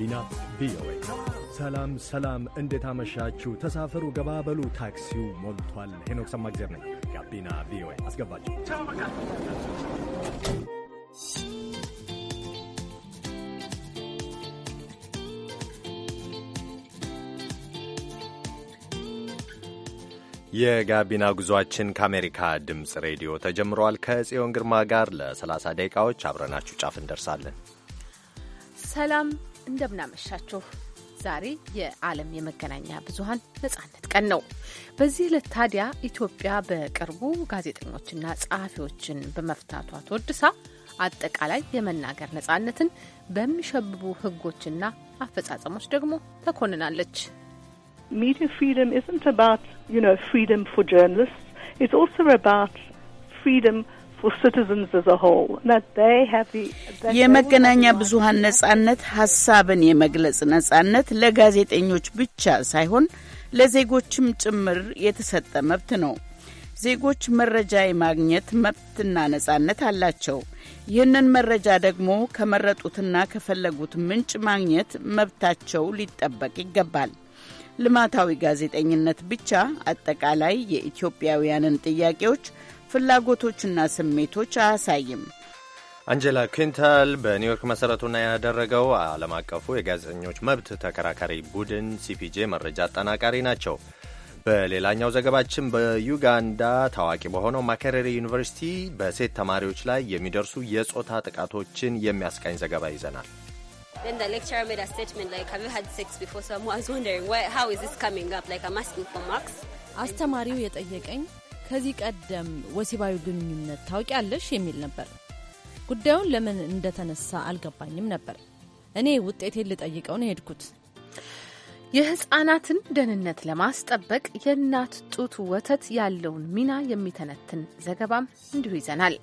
ጋቢና ቪኦኤ። ሰላም ሰላም፣ እንዴት አመሻችሁ? ተሳፈሩ፣ ገባበሉ፣ ታክሲው ሞልቷል። ሄኖክ ሰማግዜር ነኝ። ጋቢና ቪኦኤ አስገባችሁ። የጋቢና ጉዟችን ከአሜሪካ ድምፅ ሬዲዮ ተጀምሯል። ከጽዮን ግርማ ጋር ለ30 ደቂቃዎች አብረናችሁ ጫፍ እንደርሳለን። ሰላም እንደምናመሻችሁ። ዛሬ የዓለም የመገናኛ ብዙሀን ነጻነት ቀን ነው። በዚህ ዕለት ታዲያ ኢትዮጵያ በቅርቡ ጋዜጠኞችና ጸሐፊዎችን በመፍታቷ ተወድሳ አጠቃላይ የመናገር ነጻነትን በሚሸብቡ ህጎችና አፈጻጸሞች ደግሞ ተኮንናለች። ሚዲያ ፍሪደም isn't about, you know, freedom for journalists. የመገናኛ ብዙኃን ነጻነት ሀሳብን የመግለጽ ነጻነት ለጋዜጠኞች ብቻ ሳይሆን ለዜጎችም ጭምር የተሰጠ መብት ነው። ዜጎች መረጃ የማግኘት መብትና ነጻነት አላቸው። ይህንን መረጃ ደግሞ ከመረጡትና ከፈለጉት ምንጭ ማግኘት መብታቸው ሊጠበቅ ይገባል። ልማታዊ ጋዜጠኝነት ብቻ አጠቃላይ የኢትዮጵያውያንን ጥያቄዎች ፍላጎቶችና ስሜቶች አያሳይም። አንጀላ ኩንታል በኒውዮርክ መሠረቱና ያደረገው ዓለም አቀፉ የጋዜጠኞች መብት ተከራካሪ ቡድን ሲፒጄ መረጃ አጠናቃሪ ናቸው። በሌላኛው ዘገባችን በዩጋንዳ ታዋቂ በሆነው ማከሬሬ ዩኒቨርሲቲ በሴት ተማሪዎች ላይ የሚደርሱ የጾታ ጥቃቶችን የሚያስቃኝ ዘገባ ይዘናል። አስተማሪው የጠየቀኝ ከዚህ ቀደም ወሲባዊ ግንኙነት ታውቂያለሽ የሚል ነበር። ጉዳዩን ለምን እንደተነሳ አልገባኝም ነበር። እኔ ውጤቴን ልጠይቀው ነው የሄድኩት። የህፃናትን ደህንነት ለማስጠበቅ የእናት ጡት ወተት ያለውን ሚና የሚተነትን ዘገባም እንዲሁ ይዘናል።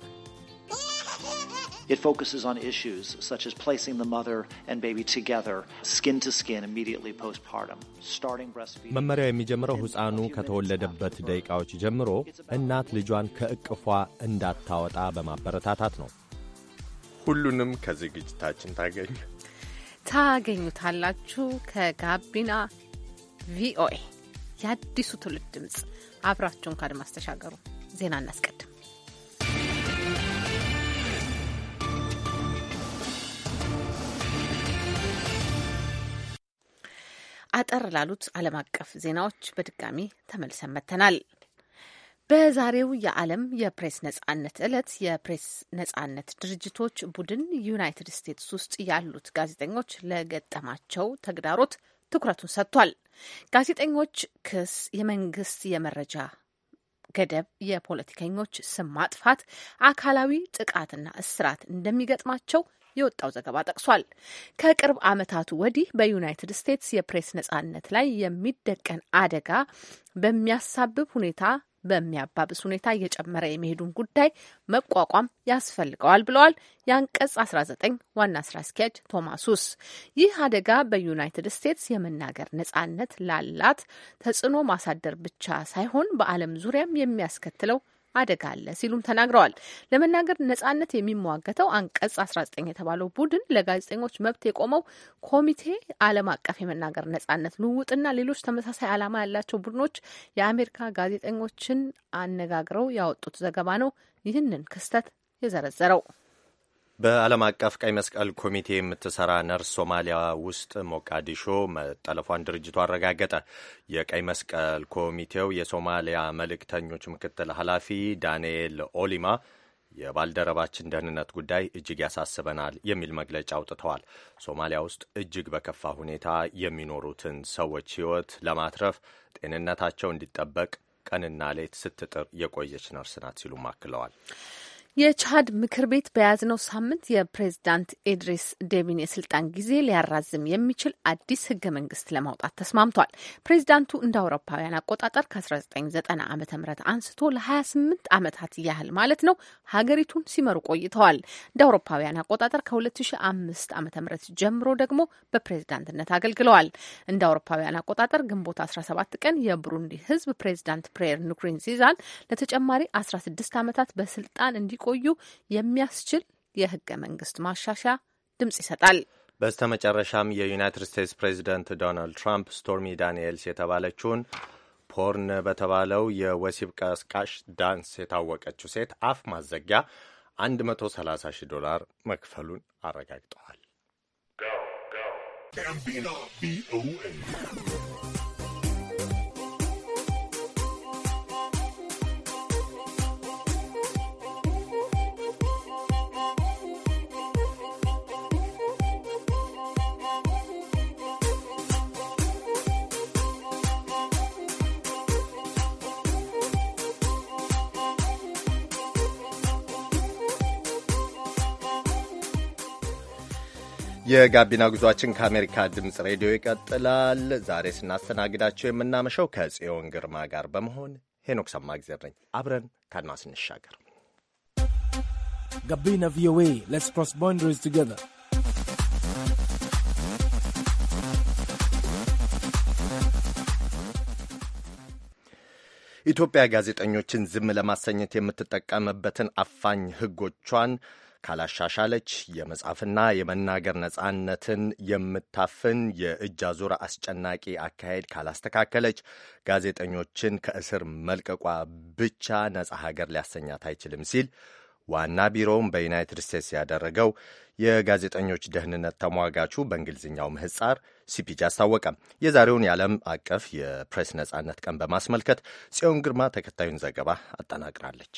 It focuses on issues such as placing the mother and baby together, skin to skin, immediately postpartum, starting breastfeeding. መመሪያ የሚጀምረው ሕፃኑ ከተወለደበት ደቂቃዎች ጀምሮ እናት ልጇን ከእቅፏ እንዳታወጣ በማበረታታት ነው። ሁሉንም ከዝግጅታችን ታገኙ ታገኙታላችሁ ከጋቢና ቪኦኤ የአዲሱ ትውልድ ድምፅ አብራችሁን ከአድማስ ተሻገሩ። ዜና እናስቀድም። አጠር ላሉት ዓለም አቀፍ ዜናዎች በድጋሚ ተመልሰን መጥተናል። በዛሬው የዓለም የፕሬስ ነጻነት ዕለት የፕሬስ ነጻነት ድርጅቶች ቡድን ዩናይትድ ስቴትስ ውስጥ ያሉት ጋዜጠኞች ለገጠማቸው ተግዳሮት ትኩረቱን ሰጥቷል። ጋዜጠኞች ክስ፣ የመንግስት የመረጃ ገደብ፣ የፖለቲከኞች ስም ማጥፋት፣ አካላዊ ጥቃትና እስራት እንደሚገጥማቸው የወጣው ዘገባ ጠቅሷል። ከቅርብ ዓመታቱ ወዲህ በዩናይትድ ስቴትስ የፕሬስ ነጻነት ላይ የሚደቀን አደጋ በሚያሳብብ ሁኔታ በሚያባብስ ሁኔታ እየጨመረ የመሄዱን ጉዳይ መቋቋም ያስፈልገዋል ብለዋል የአንቀጽ 19 ዋና ስራ አስኪያጅ ቶማሱስ ይህ አደጋ በዩናይትድ ስቴትስ የመናገር ነጻነት ላላት ተጽዕኖ ማሳደር ብቻ ሳይሆን በዓለም ዙሪያም የሚያስከትለው አደጋ አለ ሲሉም ተናግረዋል። ለመናገር ነጻነት የሚሟገተው አንቀጽ 19 የተባለው ቡድን ለጋዜጠኞች መብት የቆመው ኮሚቴ ዓለም አቀፍ የመናገር ነጻነት ልውውጥና ሌሎች ተመሳሳይ ዓላማ ያላቸው ቡድኖች የአሜሪካ ጋዜጠኞችን አነጋግረው ያወጡት ዘገባ ነው ይህንን ክስተት የዘረዘረው። በዓለም አቀፍ ቀይ መስቀል ኮሚቴ የምትሰራ ነርስ ሶማሊያ ውስጥ ሞቃዲሾ መጠለፏን ድርጅቱ አረጋገጠ። የቀይ መስቀል ኮሚቴው የሶማሊያ መልእክተኞች ምክትል ኃላፊ ዳንኤል ኦሊማ የባልደረባችን ደህንነት ጉዳይ እጅግ ያሳስበናል የሚል መግለጫ አውጥተዋል። ሶማሊያ ውስጥ እጅግ በከፋ ሁኔታ የሚኖሩትን ሰዎች ሕይወት ለማትረፍ ጤንነታቸው እንዲጠበቅ ቀንና ሌት ስትጥር የቆየች ነርስ ናት ሲሉም አክለዋል። የቻድ ምክር ቤት በያዝነው ሳምንት የፕሬዝዳንት ኤድሪስ ዴቢን የስልጣን ጊዜ ሊያራዝም የሚችል አዲስ ህገ መንግስት ለማውጣት ተስማምቷል። ፕሬዝዳንቱ እንደ አውሮፓውያን አቆጣጠር ከ1990 ዓ ም አንስቶ ለ28 ዓመታት ያህል ማለት ነው ሀገሪቱን ሲመሩ ቆይተዋል። እንደ አውሮፓውያን አቆጣጠር ከ2005 ዓ ም ጀምሮ ደግሞ በፕሬዝዳንትነት አገልግለዋል። እንደ አውሮፓውያን አቆጣጠር ግንቦት 17 ቀን የቡሩንዲ ህዝብ ፕሬዝዳንት ፕሬየር ንኩሪንዚዛን ለተጨማሪ 16 ዓመታት በስልጣን እንዲቆ እንዲቆዩ የሚያስችል የህገ መንግስት ማሻሻያ ድምጽ ይሰጣል። በስተመጨረሻም የዩናይትድ ስቴትስ ፕሬዚደንት ዶናልድ ትራምፕ ስቶርሚ ዳንኤልስ የተባለችውን ፖርን በተባለው የወሲብ ቀስቃሽ ዳንስ የታወቀችው ሴት አፍ ማዘጊያ 130 ሺህ ዶላር መክፈሉን አረጋግጠዋል። የጋቢና ጉዟችን ከአሜሪካ ድምፅ ሬዲዮ ይቀጥላል። ዛሬ ስናስተናግዳቸው የምናመሸው ከጽዮን ግርማ ጋር በመሆን ሄኖክ ሰማእግዜር ነኝ። አብረን ከአድማስ እንሻገር። ጋቢና ቪኦኤ ሌትስ ክሮስ ቦንደሪስ ቱጌዘር ኢትዮጵያ ጋዜጠኞችን ዝም ለማሰኘት የምትጠቀምበትን አፋኝ ሕጎቿን ካላሻሻለች የመጻፍና የመናገር ነጻነትን የምታፍን የእጅ አዙር አስጨናቂ አካሄድ ካላስተካከለች ጋዜጠኞችን ከእስር መልቀቋ ብቻ ነጻ ሀገር ሊያሰኛት አይችልም ሲል ዋና ቢሮውም በዩናይትድ ስቴትስ ያደረገው የጋዜጠኞች ደህንነት ተሟጋቹ በእንግሊዝኛው ምህጻር ሲፒጂ አስታወቀ። የዛሬውን የዓለም አቀፍ የፕሬስ ነጻነት ቀን በማስመልከት ጽዮን ግርማ ተከታዩን ዘገባ አጠናቅራለች።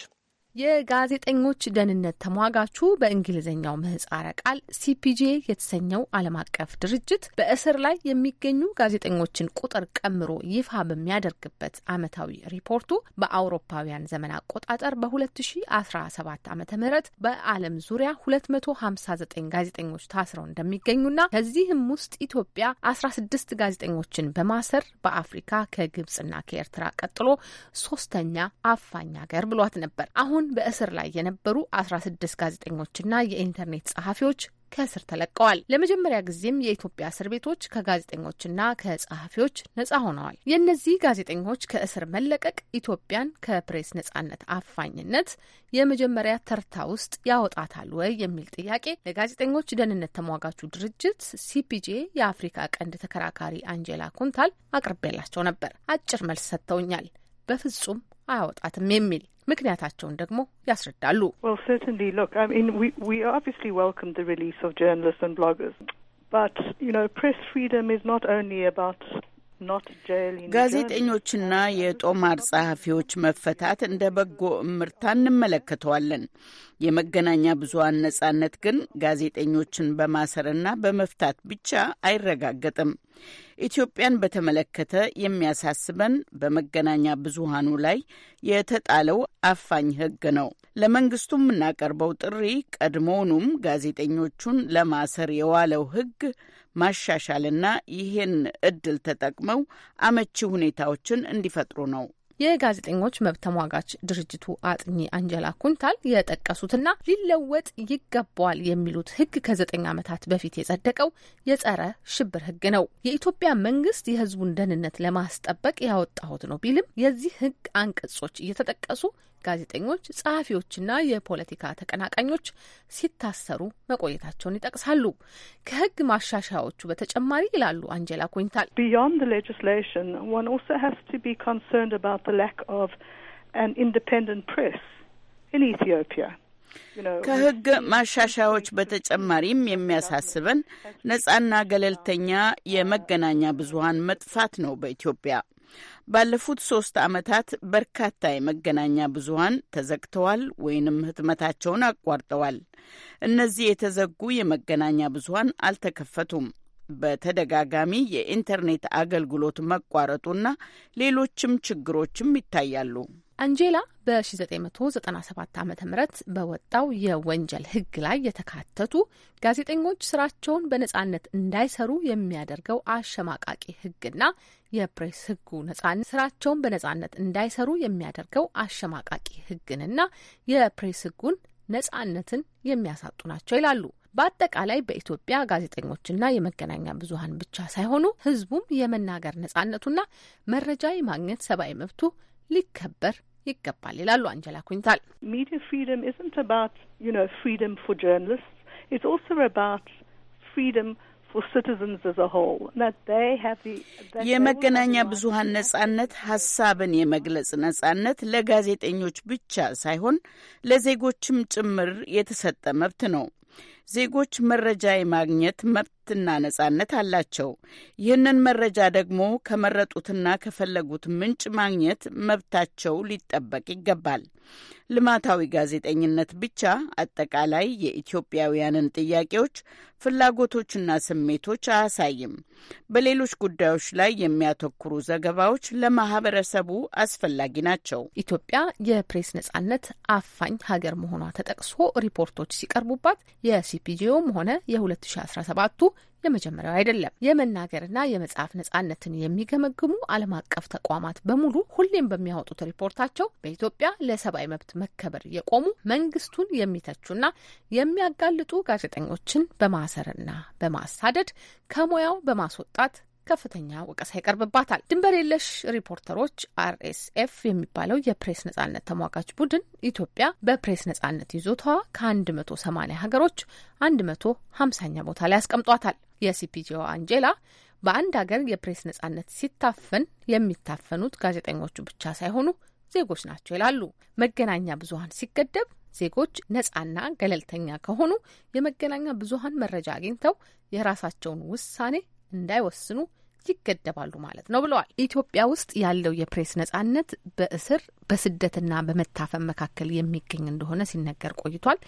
የጋዜጠኞች ደህንነት ተሟጋቹ በእንግሊዝኛው ምህጻረ ቃል ሲፒጄ የተሰኘው ዓለም አቀፍ ድርጅት በእስር ላይ የሚገኙ ጋዜጠኞችን ቁጥር ቀምሮ ይፋ በሚያደርግበት ዓመታዊ ሪፖርቱ በአውሮፓውያን ዘመን አቆጣጠር በ2017 ዓ ም በዓለም ዙሪያ 259 ጋዜጠኞች ታስረው እንደሚገኙና ከዚህም ውስጥ ኢትዮጵያ 16 ጋዜጠኞችን በማሰር በአፍሪካ ከግብጽና ከኤርትራ ቀጥሎ ሶስተኛ አፋኝ ሀገር ብሏት ነበር። አሁን እስካሁን በእስር ላይ የነበሩ 16 ጋዜጠኞችና የኢንተርኔት ጸሐፊዎች ከእስር ተለቀዋል። ለመጀመሪያ ጊዜም የኢትዮጵያ እስር ቤቶች ከጋዜጠኞችና ከጸሐፊዎች ነጻ ሆነዋል። የእነዚህ ጋዜጠኞች ከእስር መለቀቅ ኢትዮጵያን ከፕሬስ ነጻነት አፋኝነት የመጀመሪያ ተርታ ውስጥ ያወጣታል ወይ የሚል ጥያቄ ለጋዜጠኞች ደህንነት ተሟጋቹ ድርጅት ሲፒጄ የአፍሪካ ቀንድ ተከራካሪ አንጀላ ኩንታል አቅርቤላቸው ነበር። አጭር መልስ ሰጥተውኛል። በፍጹም አያወጣትም የሚል ምክንያታቸውን ደግሞ ያስረዳሉ። But, you know, press freedom is not only about ጋዜጠኞችና የጦማር ጸሐፊዎች መፈታት እንደ በጎ እምርታ እንመለከተዋለን። የመገናኛ ብዙሃን ነጻነት ግን ጋዜጠኞችን በማሰርና በመፍታት ብቻ አይረጋገጥም። ኢትዮጵያን በተመለከተ የሚያሳስበን በመገናኛ ብዙሃኑ ላይ የተጣለው አፋኝ ሕግ ነው። ለመንግስቱ የምናቀርበው ጥሪ ቀድሞውኑም ጋዜጠኞቹን ለማሰር የዋለው ሕግ ማሻሻልና ይህን እድል ተጠቅመው አመቺ ሁኔታዎችን እንዲፈጥሩ ነው። የጋዜጠኞች መብት ተሟጋች ድርጅቱ አጥኚ አንጀላ ኩንታል የጠቀሱትና ሊለወጥ ይገባዋል የሚሉት ህግ ከዘጠኝ ዓመታት በፊት የጸደቀው የጸረ ሽብር ህግ ነው። የኢትዮጵያ መንግስት የህዝቡን ደህንነት ለማስጠበቅ ያወጣሁት ነው ቢልም የዚህ ህግ አንቀጾች እየተጠቀሱ ጋዜጠኞች፣ ጸሐፊዎችና የፖለቲካ ተቀናቃኞች ሲታሰሩ መቆየታቸውን ይጠቅሳሉ። ከህግ ማሻሻያዎቹ በተጨማሪ ይላሉ አንጀላ ኩኝታል ከህግ ማሻሻያዎች በተጨማሪም የሚያሳስበን ነጻና ገለልተኛ የመገናኛ ብዙሀን መጥፋት ነው በኢትዮጵያ። ባለፉት ሶስት ዓመታት በርካታ የመገናኛ ብዙሀን ተዘግተዋል ወይንም ህትመታቸውን አቋርጠዋል። እነዚህ የተዘጉ የመገናኛ ብዙሀን አልተከፈቱም። በተደጋጋሚ የኢንተርኔት አገልግሎት መቋረጡና ሌሎችም ችግሮችም ይታያሉ። አንጄላ በ1997 ዓ ም በወጣው የወንጀል ህግ ላይ የተካተቱ ጋዜጠኞች ስራቸውን በነጻነት እንዳይሰሩ የሚያደርገው አሸማቃቂ ህግና የፕሬስ ህጉ ነጻነት ስራቸውን በነጻነት እንዳይሰሩ የሚያደርገው አሸማቃቂ ህግንና የፕሬስ ህጉን ነጻነትን የሚያሳጡ ናቸው ይላሉ። በአጠቃላይ በኢትዮጵያ ጋዜጠኞችና የመገናኛ ብዙሀን ብቻ ሳይሆኑ ህዝቡም የመናገር ነጻነቱና መረጃ የማግኘት ሰብአዊ መብቱ ሊከበር ይገባል ይላሉ አንጀላ ኩኝታል። ሚዲያ የመገናኛ ብዙሀን ነጻነት ሀሳብን የመግለጽ ነጻነት ለጋዜጠኞች ብቻ ሳይሆን ለዜጎችም ጭምር የተሰጠ መብት ነው። ዜጎች መረጃ የማግኘት መብት መብትና ነጻነት አላቸው። ይህንን መረጃ ደግሞ ከመረጡትና ከፈለጉት ምንጭ ማግኘት መብታቸው ሊጠበቅ ይገባል። ልማታዊ ጋዜጠኝነት ብቻ አጠቃላይ የኢትዮጵያውያንን ጥያቄዎች፣ ፍላጎቶችና ስሜቶች አያሳይም። በሌሎች ጉዳዮች ላይ የሚያተኩሩ ዘገባዎች ለማህበረሰቡ አስፈላጊ ናቸው። ኢትዮጵያ የፕሬስ ነጻነት አፋኝ ሀገር መሆኗ ተጠቅሶ ሪፖርቶች ሲቀርቡባት የሲፒጄውም ሆነ የ2017ቱ የመጀመሪያው አይደለም። የመናገርና የመጽሐፍ ነጻነትን የሚገመግሙ ዓለም አቀፍ ተቋማት በሙሉ ሁሌም በሚያወጡት ሪፖርታቸው በኢትዮጵያ ለሰብአዊ መብት መከበር የቆሙ መንግስቱን የሚተቹና የሚያጋልጡ ጋዜጠኞችን በማሰርና በማሳደድ ከሙያው በማስወጣት ከፍተኛ ወቀሳ ይቀርብባታል። ድንበር የለሽ ሪፖርተሮች አርኤስኤፍ የሚባለው የፕሬስ ነጻነት ተሟጋች ቡድን ኢትዮጵያ በፕሬስ ነጻነት ይዞታዋ ከ180 ሀገሮች 150ኛ ቦታ ላይ ያስቀምጧታል። የሲፒጄ አንጄላ በአንድ ሀገር የፕሬስ ነጻነት ሲታፈን የሚታፈኑት ጋዜጠኞቹ ብቻ ሳይሆኑ ዜጎች ናቸው ይላሉ። መገናኛ ብዙሀን ሲገደብ ዜጎች ነጻና ገለልተኛ ከሆኑ የመገናኛ ብዙሀን መረጃ አግኝተው የራሳቸውን ውሳኔ እንዳይወስኑ ይገደባሉ ማለት ነው ብለዋል። ኢትዮጵያ ውስጥ ያለው የፕሬስ ነጻነት በእስር በስደትና በመታፈን መካከል የሚገኝ እንደሆነ ሲነገር ቆይቷል።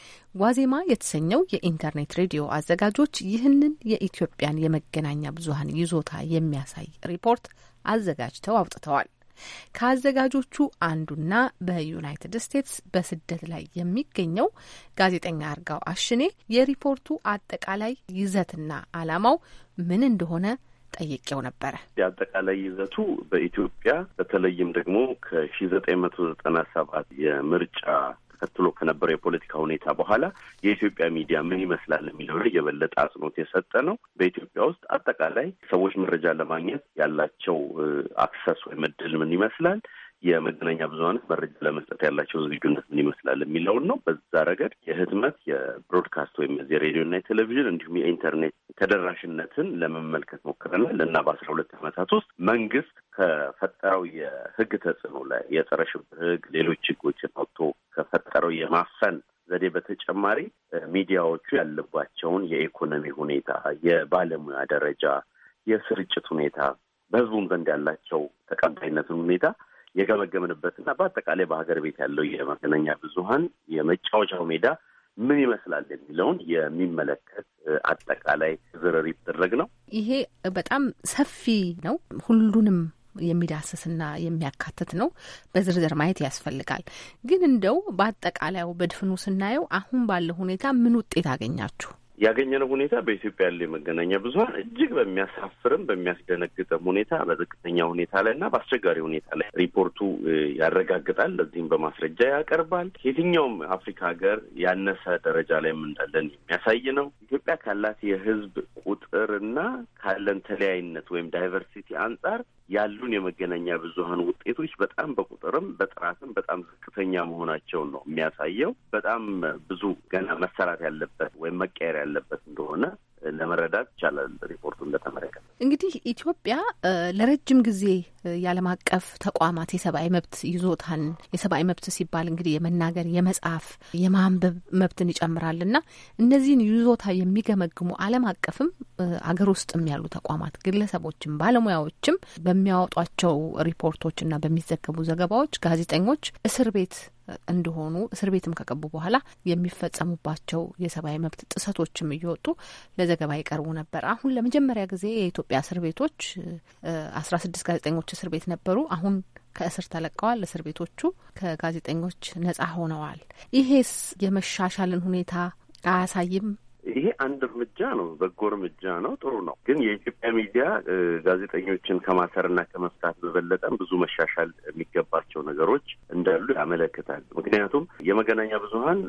ዋዜማ የተሰኘው የኢንተርኔት ሬዲዮ አዘጋጆች ይህንን የኢትዮጵያን የመገናኛ ብዙኃን ይዞታ የሚያሳይ ሪፖርት አዘጋጅተው አውጥተዋል። ከአዘጋጆቹ አንዱና በዩናይትድ ስቴትስ በስደት ላይ የሚገኘው ጋዜጠኛ አርጋው አሽኔ የሪፖርቱ አጠቃላይ ይዘትና ዓላማው ምን እንደሆነ ጠይቄው ነበረ። የአጠቃላይ ይዘቱ በኢትዮጵያ በተለይም ደግሞ ከሺ ዘጠኝ መቶ ዘጠና ሰባት የምርጫ ተከትሎ ከነበረው የፖለቲካ ሁኔታ በኋላ የኢትዮጵያ ሚዲያ ምን ይመስላል የሚለው ላይ የበለጠ አጽንኦት የሰጠ ነው። በኢትዮጵያ ውስጥ አጠቃላይ ሰዎች መረጃ ለማግኘት ያላቸው አክሰስ ወይም እድል ምን ይመስላል፣ የመገናኛ ብዙኃንስ መረጃ ለመስጠት ያላቸው ዝግጁነት ምን ይመስላል የሚለውን ነው። በዛ ረገድ የህትመት የብሮድካስት ወይም የዚህ ሬዲዮና የቴሌቪዥን እንዲሁም የኢንተርኔት ተደራሽነትን ለመመልከት ሞክረናል እና በአስራ ሁለት ዓመታት ውስጥ መንግስት ከፈጠረው የህግ ተጽዕኖ ላይ የጸረ ሽብር ህግ፣ ሌሎች ህጎችን አውጥቶ ከፈጠረው የማፈን ዘዴ በተጨማሪ ሚዲያዎቹ ያለባቸውን የኢኮኖሚ ሁኔታ፣ የባለሙያ ደረጃ፣ የስርጭት ሁኔታ በህዝቡም ዘንድ ያላቸው ተቀባይነትን ሁኔታ የገመገምንበት እና በአጠቃላይ በሀገር ቤት ያለው የመገናኛ ብዙሀን የመጫወቻው ሜዳ ምን ይመስላል የሚለውን የሚመለከት አጠቃላይ ዝርር ይደረግ ነው። ይሄ በጣም ሰፊ ነው። ሁሉንም የሚዳስስና የሚያካትት ነው። በዝርዝር ማየት ያስፈልጋል። ግን እንደው በአጠቃላዩ በድፍኑ ስናየው አሁን ባለው ሁኔታ ምን ውጤት አገኛችሁ? ያገኘነው ሁኔታ በኢትዮጵያ ያለው የመገናኛ ብዙኃን እጅግ በሚያሳፍርም በሚያስደነግጥም ሁኔታ በዝቅተኛ ሁኔታ ላይ እና በአስቸጋሪ ሁኔታ ላይ ሪፖርቱ ያረጋግጣል። ለዚህም በማስረጃ ያቀርባል። የትኛውም አፍሪካ ሀገር ያነሰ ደረጃ ላይ እንዳለን የሚያሳይ ነው። ኢትዮጵያ ካላት ቁጥር ቁጥርና ካለን ተለያይነት ወይም ዳይቨርሲቲ አንጻር ያሉን የመገናኛ ብዙኃን ውጤቶች በጣም በቁጥርም በጥራትም በጣም ዝቅተኛ መሆናቸውን ነው የሚያሳየው። በጣም ብዙ ገና መሰራት ያለበት ወይም መቀየር ያለ ያለበት እንደሆነ ለመረዳት ይቻላል። ሪፖርቱ እንደተመለከተ እንግዲህ ኢትዮጵያ ለረጅም ጊዜ የዓለም አቀፍ ተቋማት የሰብአዊ መብት ይዞታን የሰብአዊ መብት ሲባል እንግዲህ የመናገር፣ የመጽሐፍ የማንበብ መብትን ይጨምራል እና እነዚህን ይዞታ የሚገመግሙ ዓለም አቀፍም አገር ውስጥም ያሉ ተቋማት ግለሰቦችም ባለሙያዎችም በሚያወጧቸው ሪፖርቶችና በሚዘገቡ ዘገባዎች ጋዜጠኞች እስር ቤት እንደሆኑ እስር ቤትም ከገቡ በኋላ የሚፈጸሙባቸው የሰብአዊ መብት ጥሰቶችም እየወጡ ለዘገባ ይቀርቡ ነበር። አሁን ለመጀመሪያ ጊዜ የኢትዮጵያ እስር ቤቶች አስራ ስድስት ጋዜጠኞች እስር ቤት ነበሩ። አሁን ከእስር ተለቀዋል። እስር ቤቶቹ ከጋዜጠኞች ነጻ ሆነዋል። ይሄስ የመሻሻልን ሁኔታ አያሳይም? ይሄ አንድ እርምጃ ነው፣ በጎ እርምጃ ነው፣ ጥሩ ነው። ግን የኢትዮጵያ ሚዲያ ጋዜጠኞችን ከማሰርና ከመፍታት በበለጠም ብዙ መሻሻል የሚገባቸው ነገሮች እንዳሉ ያመለክታል። ምክንያቱም የመገናኛ ብዙኃን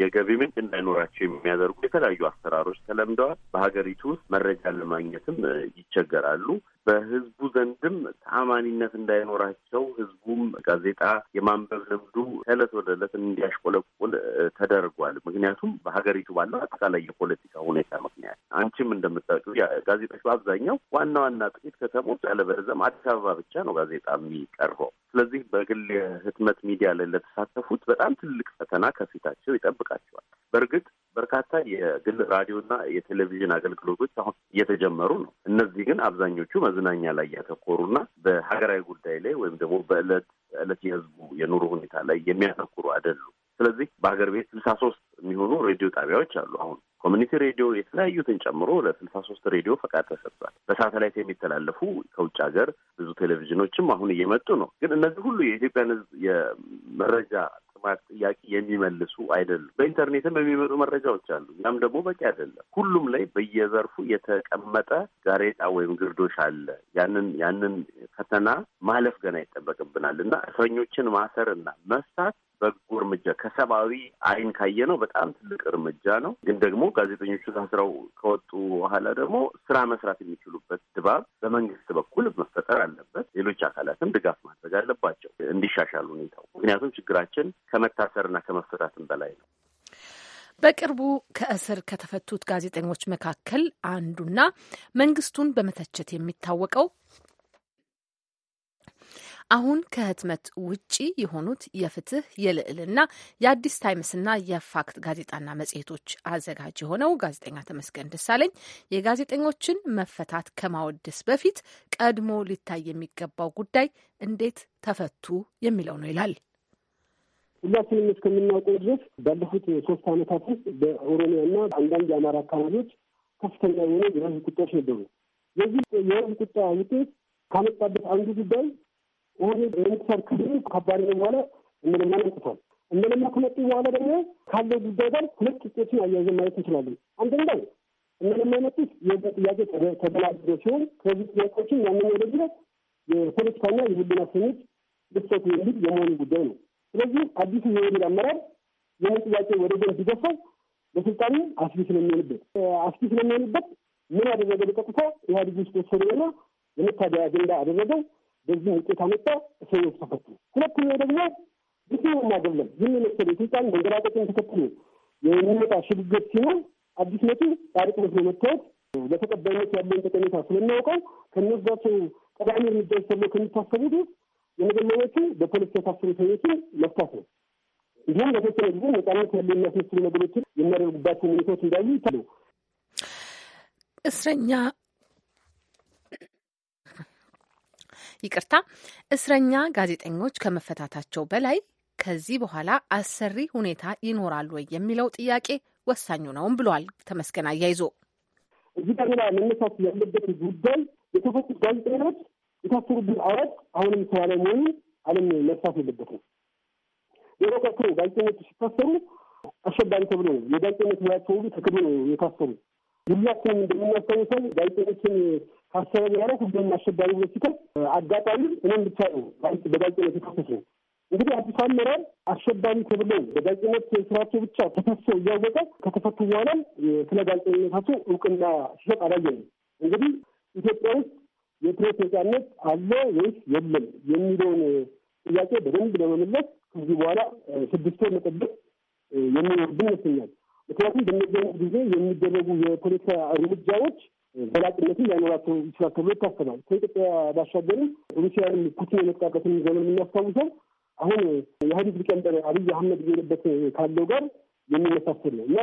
የገቢ ምንጭ እንዳይኖራቸው የሚያደርጉ የተለያዩ አሰራሮች ተለምደዋል። በሀገሪቱ ውስጥ መረጃ ለማግኘትም ይቸገራሉ። በህዝቡ ዘንድም ተአማኒነት እንዳይኖራቸው ህዝቡም ጋዜጣ የማንበብ ልምዱ ከእለት ወደ እለት እንዲያሽቆለቁል ተደርጓል። ምክንያቱም በሀገሪቱ ባለው አጠቃላይ የፖለቲካ ሁኔታ ምክንያት አንቺም እንደምታውቂው ጋዜጦች በአብዛኛው ዋና ዋና ጥቂት ከተሞች አለበለዚያም አዲስ አበባ ብቻ ነው ጋዜጣ የሚቀርበው። ስለዚህ በግል የህትመት ሚዲያ ላይ ለተሳተፉት በጣም ትልቅ ፈተና ከፊታቸው ይጠብቃቸዋል። በእርግጥ በርካታ የግል ራዲዮና የቴሌቪዥን አገልግሎቶች አሁን እየተጀመሩ ነው። እነዚህ ግን አብዛኞቹ መዝናኛ ላይ ያተኮሩና በሀገራዊ ጉዳይ ላይ ወይም ደግሞ በእለት እለት የህዝቡ የኑሮ ሁኔታ ላይ የሚያተኩሩ አይደሉም። ስለዚህ በሀገር ቤት ስልሳ ሶስት የሚሆኑ ሬዲዮ ጣቢያዎች አሉ። አሁን ኮሚኒቲ ሬዲዮ የተለያዩትን ጨምሮ ለስልሳ ሶስት ሬዲዮ ፈቃድ ተሰጥቷል። በሳተላይት የሚተላለፉ ከውጭ ሀገር ብዙ ቴሌቪዥኖችም አሁን እየመጡ ነው። ግን እነዚህ ሁሉ የኢትዮጵያን ህዝብ የመረጃ ጥማት ጥያቄ የሚመልሱ አይደሉም። በኢንተርኔትም የሚመጡ መረጃዎች አሉ። ያም ደግሞ በቂ አይደለም። ሁሉም ላይ በየዘርፉ የተቀመጠ ጋሬጣ ወይም ግርዶሽ አለ። ያንን ያንን ፈተና ማለፍ ገና ይጠበቅብናል እና እስረኞችን ማሰር እና መፍታት በጎ እርምጃ ከሰብአዊ አይን ካየ ነው በጣም ትልቅ እርምጃ ነው። ግን ደግሞ ጋዜጠኞቹ ታስረው ከወጡ በኋላ ደግሞ ስራ መስራት የሚችሉበት ድባብ በመንግስት በኩል መፈጠር አለበት። ሌሎች አካላትም ድጋፍ ማድረግ አለባቸው እንዲሻሻል ሁኔታው። ምክንያቱም ችግራችን ከመታሰርና ከመፈታትም በላይ ነው። በቅርቡ ከእስር ከተፈቱት ጋዜጠኞች መካከል አንዱና መንግስቱን በመተቸት የሚታወቀው አሁን ከህትመት ውጪ የሆኑት የፍትህ የልዕልና የአዲስ ታይምስና የፋክት ጋዜጣና መጽሔቶች አዘጋጅ የሆነው ጋዜጠኛ ተመስገን ደሳለኝ የጋዜጠኞችን መፈታት ከማወደስ በፊት ቀድሞ ሊታይ የሚገባው ጉዳይ እንዴት ተፈቱ የሚለው ነው ይላል። ሁላችንም እስከምናውቀው ድረስ ባለፉት ሶስት ዓመታት ውስጥ በኦሮሚያና አንዳንድ የአማራ አካባቢዎች ከፍተኛ የሆነ የህዝብ ቁጣዎች ነበሩ። የዚህ የህዝብ ቁጣ ውጤት ካመጣበት አንዱ ጉዳይ ኦህዴድ የኢንተር ክፍል ነው በኋላ እምልማን አንስቷል። እምልማ ከመጡ በኋላ ደግሞ ካለው ጉዳይ ጋር ሁለት ውጤቶችን አያይዘን ማየት እንችላለን። አንደኛው እምልማ የመጡት የህዝብ ጥያቄ ተደናግዶ ሲሆን ከዚህ ጥያቄዎችን ያንኛው ደግሞ የፖለቲካና የህልና ስሜት ልሰቱ የሚል የመሆኑ ጉዳይ ነው። ስለዚህ አዲሱ የኦህዴድ አመራር ይህን ጥያቄ ወደ ጎን ሲገፋው በስልጣኑ አስጊ ስለሚሆንበት አስጊ ስለሚሆንበት ምን ያደረገ በቀጥታ ኢህአዴግ ውስጥ ወሰደ ና የመታደያ አጀንዳ አደረገው። በዚህ ውጤት አመጣ እስረኞች ተፈቱ። ሁለተኛው ደግሞ ብስምም አይደለም ዝም የመሰለ የስልጣን መንገዳገጥን ተከትሎ የሚመጣ ሽግግር ሲሆን አዲስ መቱ ጻድቅ መስሎ መታየት ለተቀባይነት ያለውን ጠቀሜታ ስለሚያውቀው ከነዛቸው ቀዳሚ እርምጃዎች ተብሎ ከሚታሰቡት ውስጥ የመጀመሪያዎቹ በፖለቲካ የታሰሩ እስረኞችን መፍታት ነው። እንዲሁም በተወሰነ ጊዜ ነጻነት ያለ የሚያስመስሉ ነገሮችን የሚያደርጉባቸው ሁኔታዎች እንዳሉ ይታሉ። እስረኛ ይቅርታ እስረኛ ጋዜጠኞች ከመፈታታቸው በላይ ከዚህ በኋላ አሰሪ ሁኔታ ይኖራል ወይ የሚለው ጥያቄ ወሳኙ ነውም ብሏል። ተመስገን አያይዞ እዚህ ጋዜና መነሳት ያለበት ጉዳይ የተፈቱት ጋዜጠኞች የታሰሩብን አዋጅ አሁንም ስራ ላይ መሆኑን ዓለም መርሳት የለበትም። የሮቀክሮ ጋዜጠኞች ሲታሰሩ አሸባሪ ተብሎ የጋዜጠኞች ሙያቸው ሁሉ ተክብሎ ነው የታሰሩ ሁላችንም እንደምናስታውሰው ጋዜጠኞችን ካሰበ በኋላ ሁሉም አሸባሪ ብሎ ሲከስ አጋጣሚ እኔም ብቻ ነው በጋዜጠነት የተከሰሱ። እንግዲህ አዲስ አመራር አሸባሪ ተብለው በጋዜጠነት ስራቸው ብቻ ተከሰው እያወቀ ከተፈቱ በኋላ ስለ ጋዜጠኝነታቸው እውቅና ሲሰጥ አላየንም። እንግዲህ ኢትዮጵያ ውስጥ የፕሬስ ነጻነት አለ ወይስ የለም የሚለውን ጥያቄ በደንብ ለመመለስ ከዚህ በኋላ ስድስት ወር መጠበቅ የሚኖርብን ይመስለኛል። ምክንያቱም በእነዚህ ጊዜ የሚደረጉ የፖለቲካ እርምጃዎች ዘላቂነትን ሊያኖራቸው ይችላል ተብሎ ይታሰባል። ከኢትዮጵያ ባሻገርም ሩሲያንም ፑቲን የመጣበትን ዘመን የምናስታውሰው አሁን የኢህአዴግ ሊቀመንበር አብይ አህመድ የሄደበት ካለው ጋር የሚመሳሰል ነው እና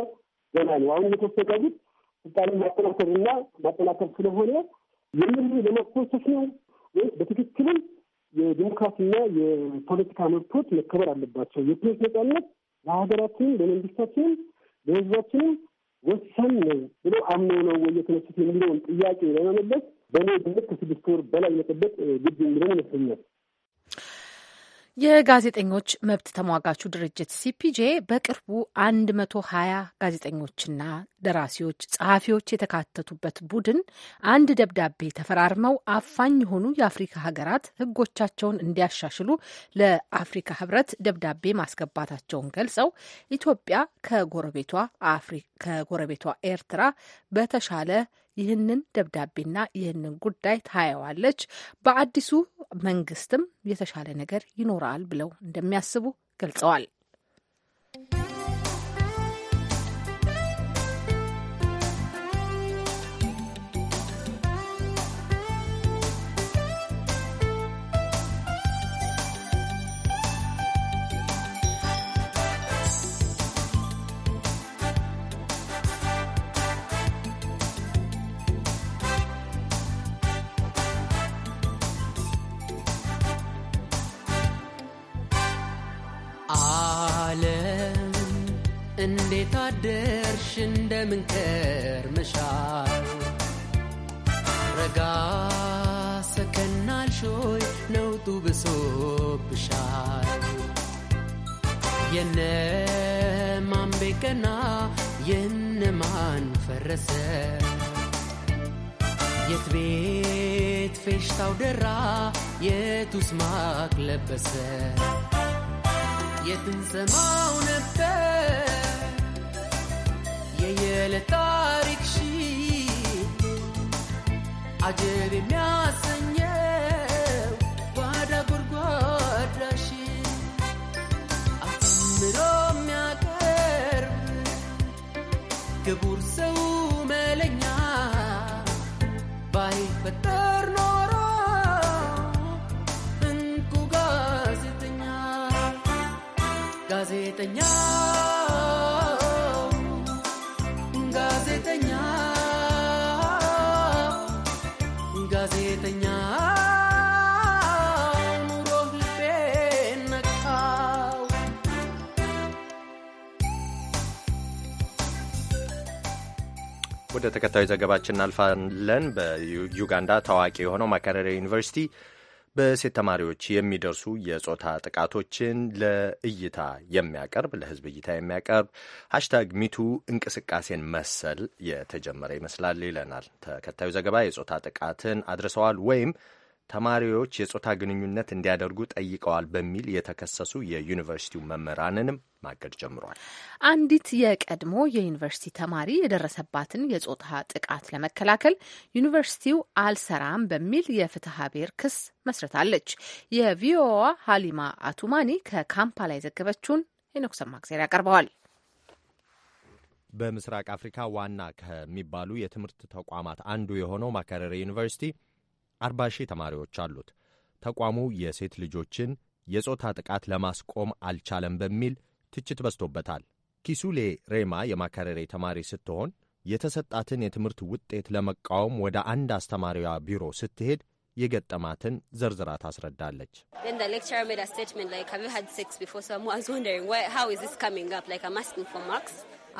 ገና ነው። አሁን የተሰጋጉት ስልጣንን ማጠናከር እና ማጠናከር ስለሆነ የምን ለማኮሰስ ነው ወይስ በትክክልም የዲሞክራሲና የፖለቲካ መብቶች መከበር አለባቸው። የፕሬስ ነጻነት ለሀገራችንም ለመንግስታችንም የህዝባችንም ወሳኝ ነው ብሎ አምኖ ነው ወይ የተነሱት የሚለውን ጥያቄ ለመመለስ በእኔ ድምር ከስድስት ወር በላይ መጠበቅ ግድ የሚለው ይመስለኛል። የጋዜጠኞች መብት ተሟጋቹ ድርጅት ሲፒጄ በቅርቡ 120 ጋዜጠኞችና ደራሲዎች፣ ጸሐፊዎች የተካተቱበት ቡድን አንድ ደብዳቤ ተፈራርመው አፋኝ የሆኑ የአፍሪካ ሀገራት ሕጎቻቸውን እንዲያሻሽሉ ለአፍሪካ ሕብረት ደብዳቤ ማስገባታቸውን ገልጸው ኢትዮጵያ ከጎረቤቷ ኤርትራ በተሻለ ይህንን ደብዳቤና ይህንን ጉዳይ ታየዋለች። በአዲሱ መንግስትም የተሻለ ነገር ይኖራል ብለው እንደሚያስቡ ገልጸዋል። እንዴት አደርሽ እንደምን ከርመሻል? ረጋ ሰከናል ሾይ ነውጡ ብሶብሻል። የነማን የነ የነማን ፈረሰ የት ቤት ፌሽታው ደራ የቱስ ማቅ ለበሰ የትንሰማው ነበር የየለ ታሪክሽ አጀብ የሚያሰኘው ጓዳ ጎድጓዳሽ አምሮ የሚያቀርብ ክቡር ሰው መለኛ ባይፈጠር ኖሮ እንቁ ጋዜጠኛ ጋዜጠኛ ወደ ተከታዩ ዘገባችን እናልፋለን። በዩጋንዳ ታዋቂ የሆነው ማከረሬ ዩኒቨርሲቲ በሴት ተማሪዎች የሚደርሱ የጾታ ጥቃቶችን ለእይታ የሚያቀርብ ለህዝብ እይታ የሚያቀርብ ሀሽታግ ሚቱ እንቅስቃሴን መሰል የተጀመረ ይመስላል ይለናል ተከታዩ ዘገባ። የጾታ ጥቃትን አድርሰዋል ወይም ተማሪዎች የጾታ ግንኙነት እንዲያደርጉ ጠይቀዋል በሚል የተከሰሱ የዩኒቨርሲቲው መምህራንንም ማገድ ጀምሯል። አንዲት የቀድሞ የዩኒቨርሲቲ ተማሪ የደረሰባትን የጾታ ጥቃት ለመከላከል ዩኒቨርሲቲው አልሰራም በሚል የፍትሐ ብሔር ክስ መስርታለች። የቪኦዋ ሀሊማ አቱማኒ ከካምፓላ የዘገበችውን ሄኖክ ሰማግዜር ያቀርበዋል። በምስራቅ አፍሪካ ዋና ከሚባሉ የትምህርት ተቋማት አንዱ የሆነው ማከረሬ ዩኒቨርሲቲ 40 ሺህ ተማሪዎች አሉት። ተቋሙ የሴት ልጆችን የጾታ ጥቃት ለማስቆም አልቻለም በሚል ትችት በዝቶበታል። ኪሱሌ ሬማ የማካረሬ ተማሪ ስትሆን የተሰጣትን የትምህርት ውጤት ለመቃወም ወደ አንድ አስተማሪዋ ቢሮ ስትሄድ የገጠማትን ዘርዝራ ታስረዳለች።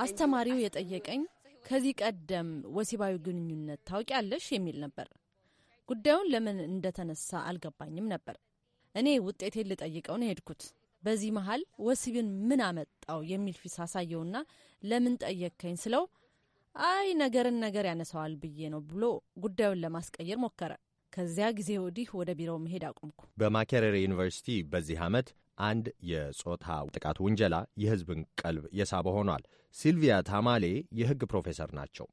አስተማሪው የጠየቀኝ ከዚህ ቀደም ወሲባዊ ግንኙነት ታውቂያለሽ የሚል ነበር። ጉዳዩን ለምን እንደተነሳ አልገባኝም ነበር። እኔ ውጤቴን ልጠይቀው ነው ሄድኩት። በዚህ መሀል ወሲብን ምን አመጣው የሚል ፊት አሳየውና ለምን ጠየከኝ ስለው አይ ነገርን ነገር ያነሳዋል ብዬ ነው ብሎ ጉዳዩን ለማስቀየር ሞከረ። ከዚያ ጊዜ ወዲህ ወደ ቢሮው መሄድ አቁምኩ። በማkerere ዩኒቨርሲቲ በዚህ ዓመት አንድ የጾታ ጥቃት ውንጀላ የሕዝብን ቀልብ የሳበ ሆኗል። ሲልቪያ ታማሌ የሕግ ፕሮፌሰር ናቸው።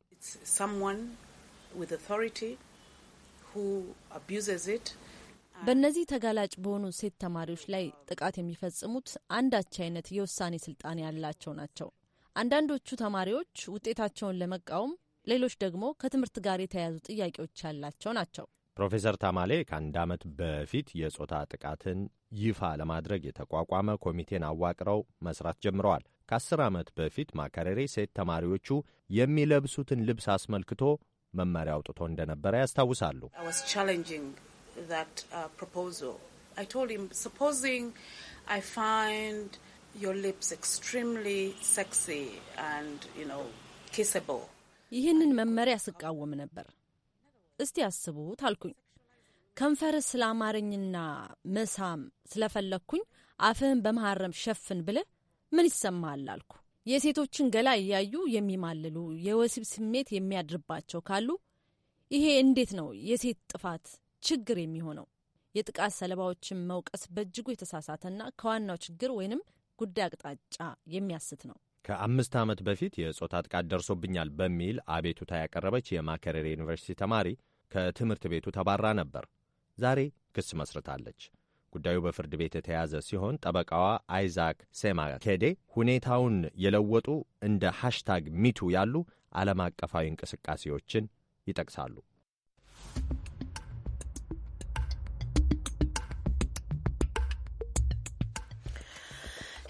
በእነዚህ ተጋላጭ በሆኑ ሴት ተማሪዎች ላይ ጥቃት የሚፈጽሙት አንዳች አይነት የውሳኔ ስልጣን ያላቸው ናቸው። አንዳንዶቹ ተማሪዎች ውጤታቸውን ለመቃወም፣ ሌሎች ደግሞ ከትምህርት ጋር የተያያዙ ጥያቄዎች ያላቸው ናቸው። ፕሮፌሰር ታማሌ ከአንድ ዓመት በፊት የጾታ ጥቃትን ይፋ ለማድረግ የተቋቋመ ኮሚቴን አዋቅረው መስራት ጀምረዋል። ከአስር ዓመት በፊት ማከሬሬ ሴት ተማሪዎቹ የሚለብሱትን ልብስ አስመልክቶ መመሪያ አውጥቶ እንደነበረ ያስታውሳሉ። uh, ይህንን መመሪያ ስቃወም ነበር። እስቲ ያስቡት አልኩኝ። ከንፈር ስለ አማረኝና መሳም ስለፈለግኩኝ አፍህን በመሐረም ሸፍን ብለህ ምን ይሰማሃል አልኩ። የሴቶችን ገላ እያዩ የሚማልሉ የወሲብ ስሜት የሚያድርባቸው ካሉ ይሄ እንዴት ነው የሴት ጥፋት ችግር የሚሆነው? የጥቃት ሰለባዎችን መውቀስ በእጅጉ የተሳሳተና ከዋናው ችግር ወይንም ጉዳይ አቅጣጫ የሚያስት ነው። ከአምስት ዓመት በፊት የጾታ ጥቃት ደርሶብኛል በሚል አቤቱታ ያቀረበች የማከሬር ዩኒቨርሲቲ ተማሪ ከትምህርት ቤቱ ተባራ ነበር። ዛሬ ክስ መስርታለች። ጉዳዩ በፍርድ ቤት የተያዘ ሲሆን ጠበቃዋ አይዛክ ሴማኬዴ ሁኔታውን የለወጡ እንደ ሃሽታግ ሚቱ ያሉ ዓለም አቀፋዊ እንቅስቃሴዎችን ይጠቅሳሉ።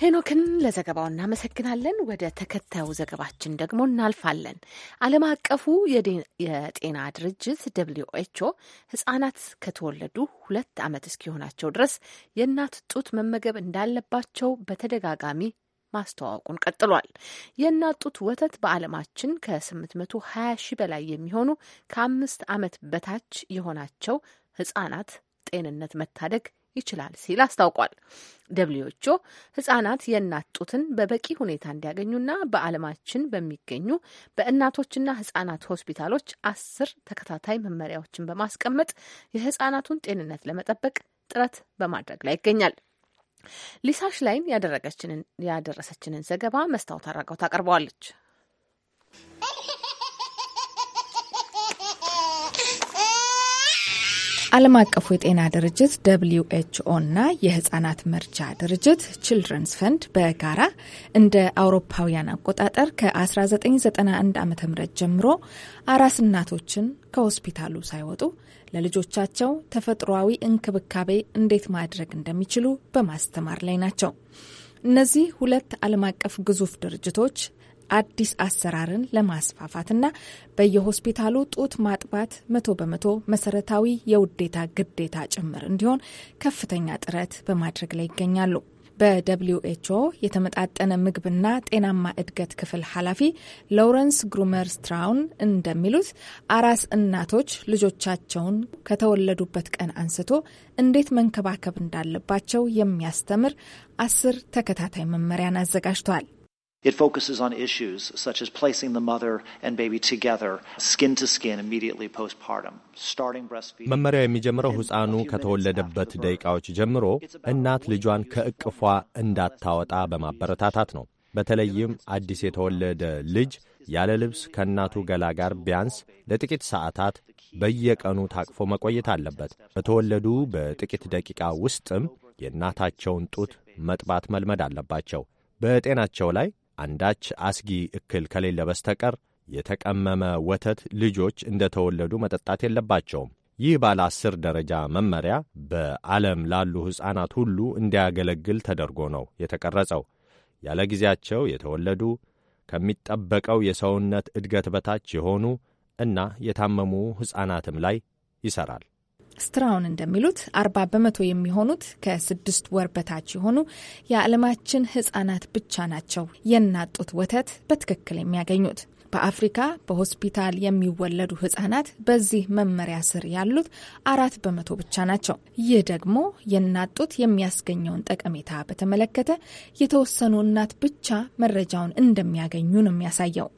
ሄኖክን ለዘገባው እናመሰግናለን። ወደ ተከታዩ ዘገባችን ደግሞ እናልፋለን። ዓለም አቀፉ የጤና ድርጅት ደብሊው ኤች ኦ ከተወለዱ ሁለት ዓመት እስኪሆናቸው ድረስ የእናት ጡት መመገብ እንዳለባቸው በተደጋጋሚ ማስተዋወቁን ቀጥሏል። የእናት ጡት ወተት በዓለማችን ከ820 ሺህ በላይ የሚሆኑ ከአምስት ዓመት በታች የሆናቸው ህጻናት ጤንነት መታደግ ይችላል ሲል አስታውቋል። ደብሊዎቹ ህጻናት የእናት ጡትን በበቂ ሁኔታ እንዲያገኙና በዓለማችን በሚገኙ በእናቶችና ህጻናት ሆስፒታሎች አስር ተከታታይ መመሪያዎችን በማስቀመጥ የህጻናቱን ጤንነት ለመጠበቅ ጥረት በማድረግ ላይ ይገኛል። ሊሳሽ ላይን ያደረሰችንን ዘገባ መስታወት አድራጋው ታቀርበዋለች። ዓለም አቀፉ የጤና ድርጅት ደብልዩ ኤችኦ እና የህጻናት መርጃ ድርጅት ችልድረንስ ፈንድ በጋራ እንደ አውሮፓውያን አቆጣጠር ከ1991 ዓ ም ጀምሮ አራስ እናቶችን ከሆስፒታሉ ሳይወጡ ለልጆቻቸው ተፈጥሯዊ እንክብካቤ እንዴት ማድረግ እንደሚችሉ በማስተማር ላይ ናቸው። እነዚህ ሁለት ዓለም አቀፍ ግዙፍ ድርጅቶች አዲስ አሰራርን ለማስፋፋትና በየሆስፒታሉ ጡት ማጥባት መቶ በመቶ መሰረታዊ የውዴታ ግዴታ ጭምር እንዲሆን ከፍተኛ ጥረት በማድረግ ላይ ይገኛሉ። በደብሊው ኤችኦ የተመጣጠነ ምግብና ጤናማ እድገት ክፍል ኃላፊ ሎረንስ ግሩመር ስትራውን እንደሚሉት አራስ እናቶች ልጆቻቸውን ከተወለዱበት ቀን አንስቶ እንዴት መንከባከብ እንዳለባቸው የሚያስተምር አስር ተከታታይ መመሪያን አዘጋጅቷል። It focuses on issues such as placing the mother and baby together skin to skin immediately postpartum, starting breastfeeding. መመሪያው የሚጀምረው ሕፃኑ ከተወለደበት ደቂቃዎች ጀምሮ እናት ልጇን ከእቅፏ እንዳታወጣ በማበረታታት ነው። በተለይም አዲስ የተወለደ ልጅ ያለ ልብስ ከእናቱ ገላ ጋር ቢያንስ ለጥቂት ሰዓታት በየቀኑ ታቅፎ መቆየት አለበት። በተወለዱ በጥቂት ደቂቃ ውስጥም የእናታቸውን ጡት መጥባት መልመድ አለባቸው። በጤናቸው ላይ አንዳች አስጊ እክል ከሌለ በስተቀር የተቀመመ ወተት ልጆች እንደተወለዱ መጠጣት የለባቸውም። ይህ ባለ አስር ደረጃ መመሪያ በዓለም ላሉ ሕፃናት ሁሉ እንዲያገለግል ተደርጎ ነው የተቀረጸው። ያለ ጊዜያቸው የተወለዱ ከሚጠበቀው የሰውነት እድገት በታች የሆኑ እና የታመሙ ሕፃናትም ላይ ይሠራል። ስትራውን እንደሚሉት አርባ በመቶ የሚሆኑት ከስድስት ወር በታች የሆኑ የዓለማችን ህጻናት ብቻ ናቸው የናጡት ወተት በትክክል የሚያገኙት። በአፍሪካ በሆስፒታል የሚወለዱ ህጻናት በዚህ መመሪያ ስር ያሉት አራት በመቶ ብቻ ናቸው። ይህ ደግሞ የናጡት የሚያስገኘውን ጠቀሜታ በተመለከተ የተወሰኑ እናት ብቻ መረጃውን እንደሚያገኙ ነው የሚያሳየው።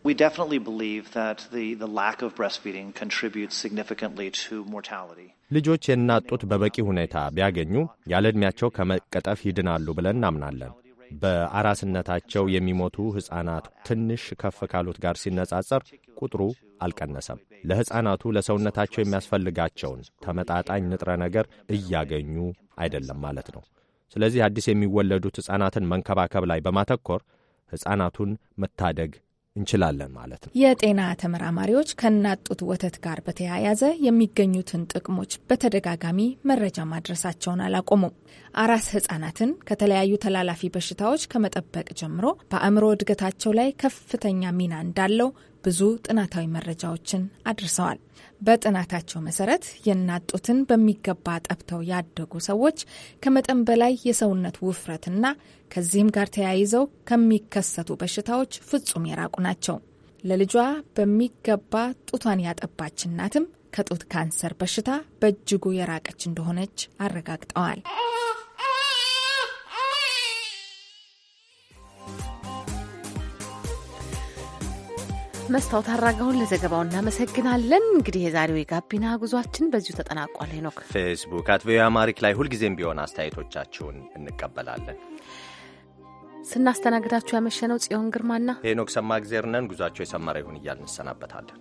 ልጆች የናጡት በበቂ ሁኔታ ቢያገኙ ያለ ዕድሜያቸው ከመቀጠፍ ይድናሉ ብለን እናምናለን። በአራስነታቸው የሚሞቱ ሕፃናት ትንሽ ከፍ ካሉት ጋር ሲነጻጸር ቁጥሩ አልቀነሰም። ለሕፃናቱ ለሰውነታቸው የሚያስፈልጋቸውን ተመጣጣኝ ንጥረ ነገር እያገኙ አይደለም ማለት ነው። ስለዚህ አዲስ የሚወለዱት ሕፃናትን መንከባከብ ላይ በማተኮር ሕፃናቱን መታደግ እንችላለን ማለት ነው። የጤና ተመራማሪዎች ከናጡት ወተት ጋር በተያያዘ የሚገኙትን ጥቅሞች በተደጋጋሚ መረጃ ማድረሳቸውን አላቆሙም። አራስ ህጻናትን ከተለያዩ ተላላፊ በሽታዎች ከመጠበቅ ጀምሮ በአእምሮ እድገታቸው ላይ ከፍተኛ ሚና እንዳለው ብዙ ጥናታዊ መረጃዎችን አድርሰዋል። በጥናታቸው መሰረት የእናት ጡትን በሚገባ ጠብተው ያደጉ ሰዎች ከመጠን በላይ የሰውነት ውፍረትና ከዚህም ጋር ተያይዘው ከሚከሰቱ በሽታዎች ፍጹም የራቁ ናቸው። ለልጇ በሚገባ ጡቷን ያጠባች እናትም ከጡት ካንሰር በሽታ በእጅጉ የራቀች እንደሆነች አረጋግጠዋል። መስታወት አራጋውን ለዘገባው እናመሰግናለን። እንግዲህ የዛሬው የጋቢና ጉዟችን በዚሁ ተጠናቋል። ሄኖክ ፌስቡክ አት ቪኦኤ አማሪክ ላይ ሁልጊዜም ቢሆን አስተያየቶቻችሁን እንቀበላለን። ስናስተናግዳችሁ ያመሸነው ጽዮን ግርማና ሄኖክ ሰማ እግዜርነን ጉዟቸው የሰመረ ይሁን እያል እንሰናበታለን።